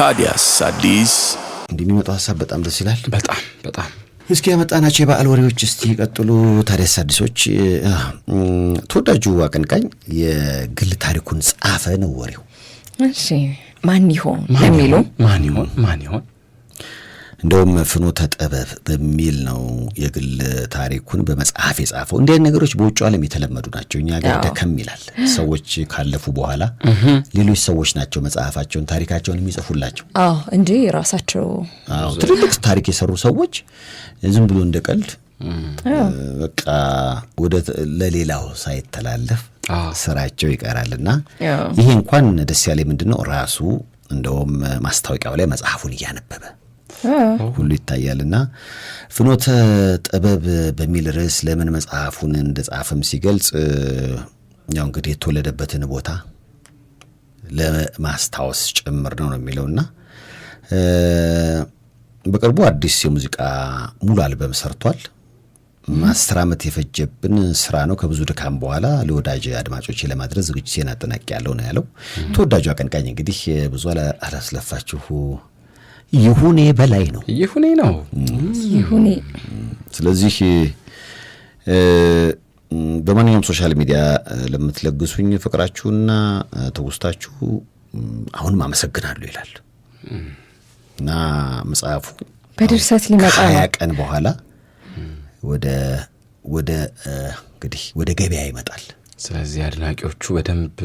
ታዲያስ አዲስ እንዲህ ሀሳብ በጣም ደስ ይላል። በጣም በጣም እስኪ ያመጣናቸው የበዓል ወሬዎች እስቲ ቀጥሉ። ታዲያስ አዲሶች ተወዳጁ አቀንቃኝ የግል ታሪኩን ጻፈ ነው ወሬው። እሺ ማን ይሆን የሚሉ ማን ይሆን ማን ይሆን እንደውም ፍኖተ ጥበብ በሚል ነው የግል ታሪኩን በመጽሐፍ የጻፈው። እንዲህ ነገሮች በውጭ ዓለም የተለመዱ ናቸው። እኛ ጋር ደከም ይላል። ሰዎች ካለፉ በኋላ ሌሎች ሰዎች ናቸው መጽሐፋቸውን፣ ታሪካቸውን የሚጽፉላቸው እንጂ ራሳቸው ትልልቅ ታሪክ የሰሩ ሰዎች ዝም ብሎ እንደ ቀልድ በቃ ወደ ለሌላው ሳይተላለፍ ስራቸው ይቀራልና ይሄ እንኳን ደስ ያለ ምንድን ነው ራሱ እንደውም ማስታወቂያው ላይ መጽሐፉን እያነበበ ሁሉ ይታያል እና ፍኖተ ጥበብ በሚል ርዕስ ለምን መጽሐፉን እንደጻፈም ሲገልጽ ያው እንግዲህ የተወለደበትን ቦታ ለማስታወስ ጭምር ነው ነው የሚለውና በቅርቡ አዲስ የሙዚቃ ሙሉ አልበም ሰርቷል። አስር ዓመት የፈጀብን ስራ ነው። ከብዙ ድካም በኋላ ለወዳጅ አድማጮች ለማድረስ ዝግጅቴን አጠናቅቄያለሁ ነው ያለው። ተወዳጁ አቀንቃኝ እንግዲህ ብዙ አላስለፋችሁ ይሁኔ በላይ ነው። ይሁኔ ነው። ይሁኔ ስለዚህ በማንኛውም ሶሻል ሚዲያ ለምትለግሱኝ ፍቅራችሁና ትውስታችሁ አሁንም አመሰግናለሁ ይላል እና መጽሐፉ በድርሰት ሊመጣ ከሀያ ቀን በኋላ ወደ ወደ እንግዲህ ወደ ገበያ ይመጣል። ስለዚህ አድናቂዎቹ በደንብ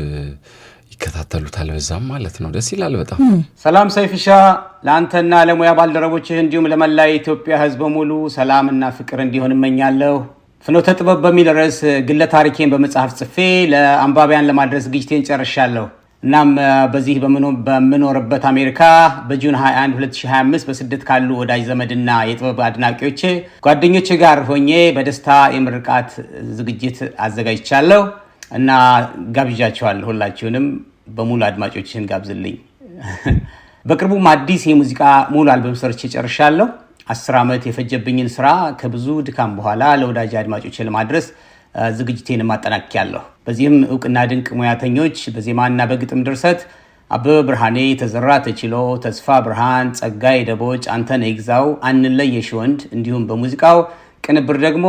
ይከታተሉታል። በዛም ማለት ነው። ደስ ይላል በጣም። ሰላም ሰይፍሻ፣ ለአንተና ለሙያ ባልደረቦችህ እንዲሁም ለመላ የኢትዮጵያ ህዝብ በሙሉ ሰላምና ፍቅር እንዲሆን እመኛለሁ። ፍኖተ ጥበብ በሚል ርዕስ ግለ ታሪኬን በመጽሐፍ ጽፌ ለአንባቢያን ለማድረስ ዝግጅቴን ጨርሻለሁ። እናም በዚህ በምኖርበት አሜሪካ በጁን 21 2025 በስደት ካሉ ወዳጅ ዘመድና የጥበብ አድናቂዎች ጓደኞች ጋር ሆኜ በደስታ የምርቃት ዝግጅት አዘጋጅቻለሁ። እና ጋብዣቸዋል ሁላችሁንም በሙሉ አድማጮችን ጋብዝልኝ። በቅርቡም አዲስ የሙዚቃ ሙሉ አልበም ሰርች ጨርሻለሁ። አስር ዓመት የፈጀብኝን ስራ ከብዙ ድካም በኋላ ለወዳጅ አድማጮች ለማድረስ ዝግጅቴን ያለሁ በዚህም እውቅና ድንቅ ሙያተኞች በዜማና በግጥም ድርሰት አበበ ብርሃኔ፣ ተዘራ ተችሎ፣ ተስፋ ብርሃን፣ ጸጋይ ደቦጭ፣ አንተ ይግዛው፣ አንለየሽ ወንድ እንዲሁም በሙዚቃው ቅንብር ደግሞ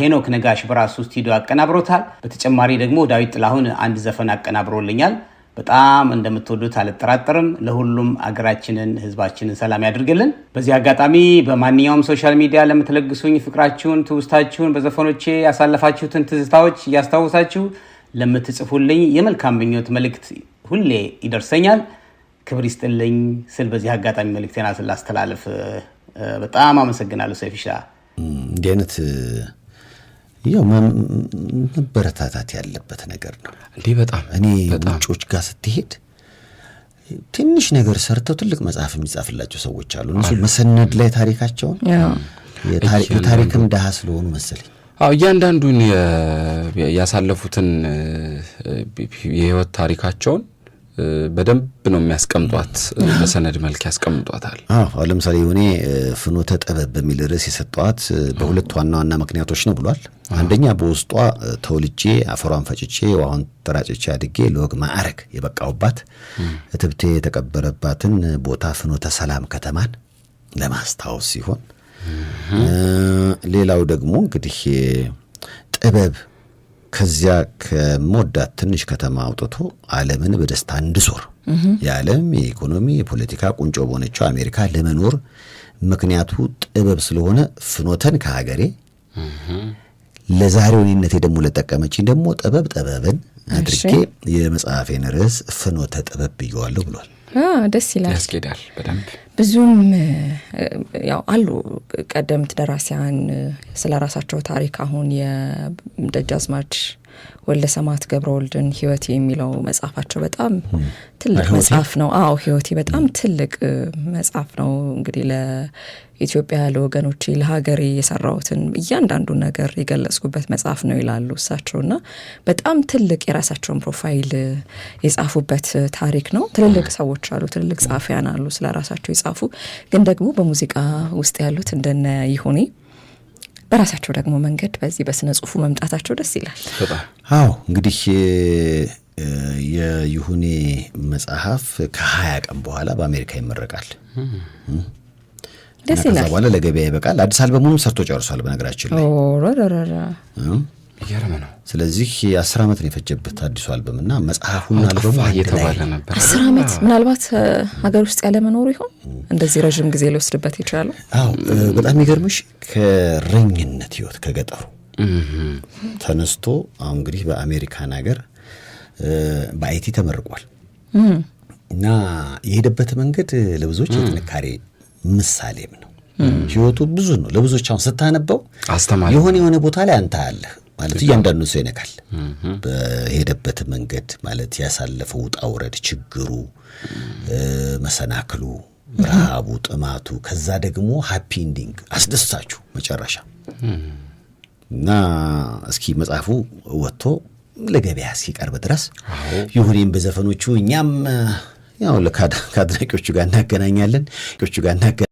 ሄኖክ ነጋሽ በራሱ ስቱዲዮ አቀናብሮታል። በተጨማሪ ደግሞ ዳዊት ጥላሁን አንድ ዘፈን አቀናብሮልኛል። በጣም እንደምትወዱት አልጠራጠርም። ለሁሉም አገራችንን፣ ህዝባችንን ሰላም ያድርግልን። በዚህ አጋጣሚ በማንኛውም ሶሻል ሚዲያ ለምትለግሱኝ ፍቅራችሁን፣ ትውስታችሁን፣ በዘፈኖቼ ያሳለፋችሁትን ትዝታዎች እያስታወሳችሁ ለምትጽፉልኝ የመልካም ምኞት መልእክት ሁሌ ይደርሰኛል። ክብር ይስጥልኝ ስል በዚህ አጋጣሚ መልእክቴን ስላስተላልፍ በጣም አመሰግናለሁ ሰይፍሻ እንዲህ አይነት ያው መበረታታት ያለበት ነገር ነው። እንዲህ በጣም እኔ ውጮች ጋር ስትሄድ ትንሽ ነገር ሰርተው ትልቅ መጽሐፍ የሚጻፍላቸው ሰዎች አሉ። እነሱ መሰነድ ላይ ታሪካቸውን የታሪክም ደሃ ስለሆኑ መሰለኝ አዎ እያንዳንዱን ያሳለፉትን የህይወት ታሪካቸውን በደንብ ነው የሚያስቀምጧት፣ በሰነድ መልክ ያስቀምጧታል። ለምሳሌ የሆኔ ፍኖተ ጥበብ በሚል ርዕስ የሰጠዋት በሁለት ዋና ዋና ምክንያቶች ነው ብሏል። አንደኛ በውስጧ ተወልጄ አፈሯን ፈጭቼ ውሃውን ተራጭቼ አድጌ ለወግ ማዕረግ የበቃሁባት እትብቴ የተቀበረባትን ቦታ ፍኖተ ሰላም ከተማን ለማስታወስ ሲሆን ሌላው ደግሞ እንግዲህ ጥበብ ከዚያ ከሞዳት ትንሽ ከተማ አውጥቶ ዓለምን በደስታ እንድዞር የዓለም የኢኮኖሚ የፖለቲካ ቁንጮ በሆነችው አሜሪካ ለመኖር ምክንያቱ ጥበብ ስለሆነ ፍኖተን ከሀገሬ ለዛሬው እኔነቴ ደግሞ ለጠቀመችኝ ደግሞ ጥበብ ጥበብን አድርጌ የመጽሐፌን ርዕስ ፍኖተ ጥበብ ብየዋለሁ ብሏል። ደስ ይላል፣ ያስጌዳል በደንብ ብዙም ያው አሉ ቀደምት ደራሲያን ስለ ራሳቸው ታሪክ አሁን የደጃዝማች ወልደ ሰማት ገብረ ወልድን ህይወቴ የሚለው መጽሐፋቸው በጣም ትልቅ መጽሐፍ ነው። አዎ ህይወቴ በጣም ትልቅ መጽሐፍ ነው። እንግዲህ ለኢትዮጵያ ለወገኖቼ፣ ለሀገሬ የሰራሁትን እያንዳንዱ ነገር የገለጽኩበት መጽሐፍ ነው ይላሉ እሳቸው እና በጣም ትልቅ የራሳቸውን ፕሮፋይል የጻፉበት ታሪክ ነው። ትልልቅ ሰዎች አሉ፣ ትልልቅ ጸሐፊያን አሉ፣ ስለ ራሳቸው የጻፉ ግን ደግሞ በሙዚቃ ውስጥ ያሉት እንደነ ይሁኔ በራሳቸው ደግሞ መንገድ በዚህ በስነ ጽሁፉ መምጣታቸው ደስ ይላል። አዎ እንግዲህ የይሁኔ መጽሐፍ ከሀያ ቀን በኋላ በአሜሪካ ይመረቃል። ደስ ይላል። በኋላ ለገበያ ይበቃል። አዲስ አልበሙም ሰርቶ ጨርሷል። በነገራችን ላይ ይገርም ነው። ስለዚህ አስር ዓመት ነው የፈጀበት አዲሱ አልበም እና መጽሐፉን አልበሙ እየተባለ ነበር። አስር ዓመት ምናልባት ሀገር ውስጥ ያለ ይሆን እንደዚህ ረዥም ጊዜ ሊወስድበት ይችላሉ። አዎ በጣም ይገርምሽ ከረኝነት ህይወት ከገጠሩ ተነስቶ አሁን እንግዲህ በአሜሪካን ሀገር በአይቲ ተመርቋል እና የሄደበት መንገድ ለብዙዎች የጥንካሬ ምሳሌም ነው። ህይወቱ ብዙ ነው ለብዙዎች አሁን ስታነበው የሆነ የሆነ ቦታ ላይ አንተ አለህ ማለት እያንዳንዱ ሰው ይነካል። በሄደበት መንገድ ማለት ያሳለፈው ውጣ ውረድ፣ ችግሩ፣ መሰናክሉ፣ ረሃቡ፣ ጥማቱ ከዛ ደግሞ ሀፒ ኢንዲንግ አስደሳችሁ መጨረሻ እና እስኪ መጽሐፉ ወጥቶ ለገበያ እስኪቀርብ ድረስ ይሁኔም በዘፈኖቹ እኛም ያው ከአድናቂዎቹ ጋር እናገናኛለን ዎቹ ጋር